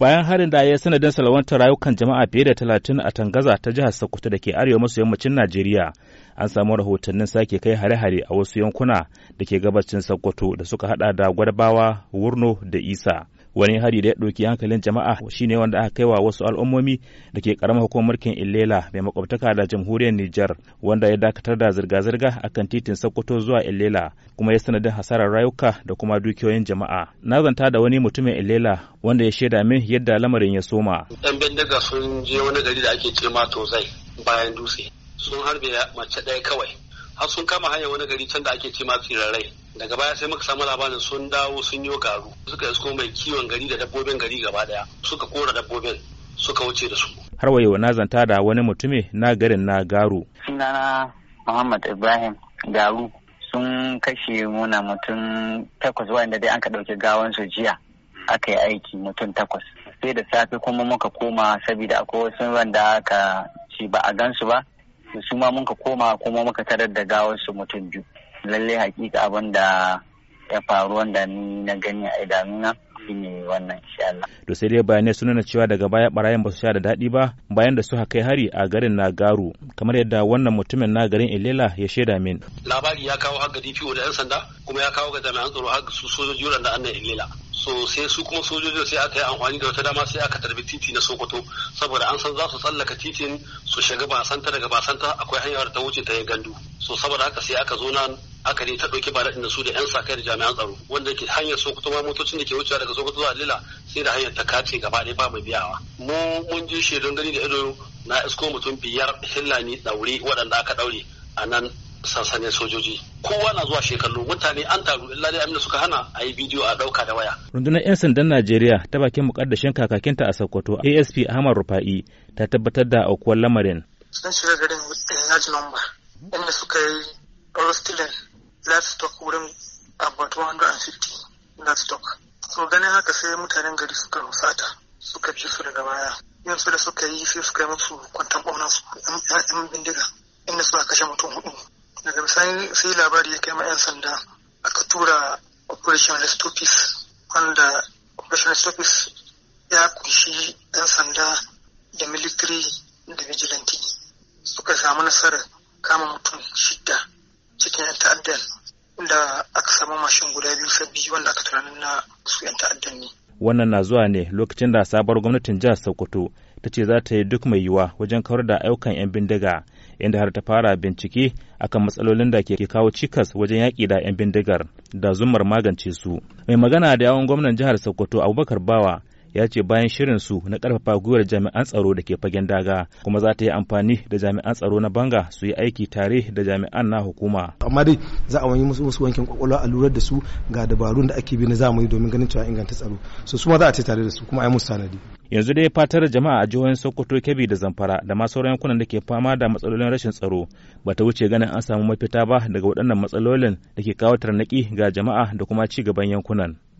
bayan harin da ya yi sanadin salwantar rayukan jama'a fiye da talatin a tangaza ta jihar sokoto da ke arewa maso yammacin najeriya an samu rahotannin sake kai hare-hare a wasu yankuna da ke gabacin sokoto da suka hada da gwarbawa wurno da isa wani hari da ya ɗauki hankalin jama'a shine wanda aka wa wasu al'ummomi da ke karamar hukumar kin illela mai makwabtaka da jamhuriyar Nijar wanda ya dakatar da zirga-zirga akan titin Sokoto zuwa illela kuma ya sanadin hasarar rayuka da kuma dukiyoyin jama'a na zanta da wani mutumin illela wanda ya shaida min yadda lamarin ya soma yan bindiga sun je wani gari da ake ce ma tozai bayan dutse sun harbe mace ɗaya kawai har sun kama hanyar wani gari can da ake ce ma tsirarai daga baya sai muka samu labarin sun dawo sun yi garu suka isko mai kiwon gari da dabbobin gari gaba daya suka kora dabbobin suka wuce da su har wayo na zanta da wani mutumi na garin na garu sunana muhammad ibrahim garu sun kashe muna mutum takwas wanda dai an ka ɗauki gawan su jiya aka yi aiki mutum takwas sai da safe kuma muka koma saboda akwai wasu wanda aka ci ba a gansu ba su ma muka koma kuma muka tarar da gawar su mutum biyu lalle hakika abin da ya faru wanda ni na gani a idanuna shine wannan insha Allah. To sai dai bayanai sun nuna cewa daga baya barayin ba su sha da dadi ba bayan da suka kai hari a garin Nagaru kamar yadda wannan mutumin na garin Ilela ya shaida min. Labari ya kawo har gari fiwo da 'yan sanda kuma ya kawo ga jami'an tsaro har su sojojin da annan Ilela. so sai su kuma sojoji sai aka yi amfani da wata dama sai aka tarbi titi na sokoto saboda an san za su tsallaka titin su shiga basanta daga basanta akwai hanyar ta wuce ta yi gandu so saboda haka sai aka zo nan aka ne ta ɗauki baraɗin da su da 'yan sakai da jami'an tsaro wanda ke hanyar sokoto ma motocin da ke wucewa daga sokoto zuwa lila sai da hanyar ta kace gaba ɗaya ba mai biyawa mu mun je shaidon gani da ido na isko mutum biyar hillani ɗaure waɗanda aka ɗaure a nan sansanin sojoji kowa na zuwa shekaru mutane an taru illa dai amina suka hana a yi bidiyo a dauka da waya rundunar yan sandan najeriya ta bakin mukaddashin kakakinta a sokoto asp ahmad rufa'i ta tabbatar da aukuwar lamarin sun shiga garin large number inda suka yi rostilin livestock wurin about 150 livestock so ganin haka sai mutanen gari suka rusata suka ci su daga baya yin su da suka yi sai suka yi musu kwantan ɓaunan su yan bindiga inda suka kashe mutum hudu daga bisani sai labari ya kai ma 'yan sanda aka tura operation listopis wanda operation listopis ya kunshi 'yan sanda da military da vigilante suka samu nasarar kama mutum shida cikin 'yan ta'addan da aka samu mashin guda biyu sabbi wanda aka tunanin na su 'yan ta'addan ne wannan na zuwa ne lokacin da sabuwar gwamnatin jihar sokoto ta ce za ta yi duk mai yiwuwa wajen kawar da ayyukan 'yan bindiga inda har ta fara bincike akan matsalolin da ke kawo cikas wajen yaƙi da 'yan bindigar da zumar magance su. Mai magana da yawon gwamnan jihar Sokoto Abubakar Bawa ya ce bayan shirin su na karfafa gwiwar jami'an tsaro da ke fagen daga kuma za ta yi amfani da jami'an tsaro na banga su yi aiki tare da jami'an na hukuma amma dai za a yi musu musu wankin kwakwalwa a lura da su ga dabarun da ake bi na zamani domin ganin cewa inganta tsaro so su ma za a ce tare da su kuma a musu tanadi yanzu dai fatar jama'a a jihohin sokoto kebbi da zamfara da ma sauran yankunan da ke fama da matsalolin rashin tsaro ba ta wuce ganin an samu mafita ba daga waɗannan matsalolin da ke kawo tarnaki ga jama'a da kuma ci gaban yankunan